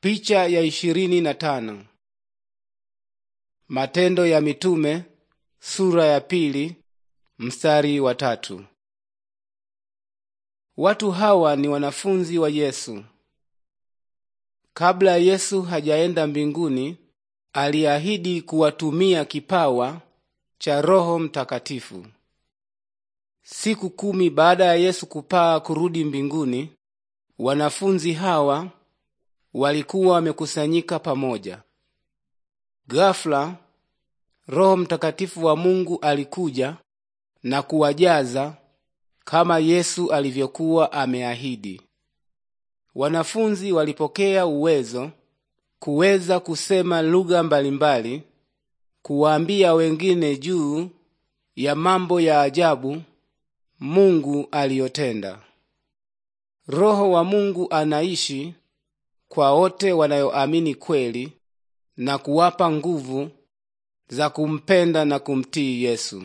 Picha ya ishirini na tano. Matendo ya Mitume sura ya pili mstari wa tatu. Watu hawa ni wanafunzi wa Yesu. Kabla Yesu hajaenda mbinguni, aliahidi kuwatumia kipawa cha Roho Mtakatifu. Siku kumi baada ya Yesu kupaa kurudi mbinguni, wanafunzi hawa walikuwa wamekusanyika pamoja. Ghafla Roho Mtakatifu wa Mungu alikuja na kuwajaza kama Yesu alivyokuwa ameahidi. Wanafunzi walipokea uwezo kuweza kusema lugha mbalimbali, kuwaambia wengine juu ya mambo ya ajabu Mungu aliyotenda. Roho wa Mungu anaishi kwa wote wanayoamini kweli na kuwapa nguvu za kumpenda na kumtii Yesu.